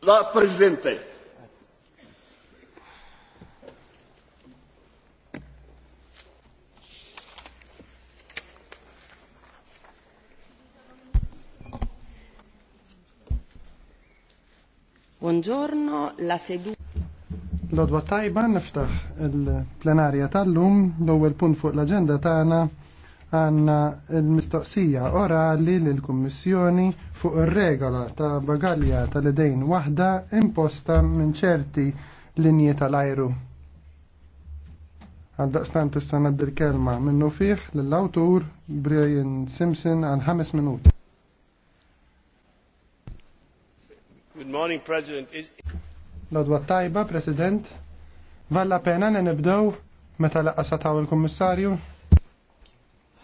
La Presidente. Buongiorno, la seduta. Lodwa tajba niftaħ il-plenarja tal-lum, l ewel punt fuq l-aġenda tagħna għanna l-mistoqsija orali l-Kummissjoni fuq ir-regola ta' bagalja tal-idejn waħda imposta minn ċerti linji tal-ajru. Għaldaqstan tista' naddi l-kelma minnu fih l-awtur Brian Simpson għal ħames minuti. Good morning, President. Is... Lodwa tajba, President. Valla pena li nibdew meta sataw il-Kummissarju?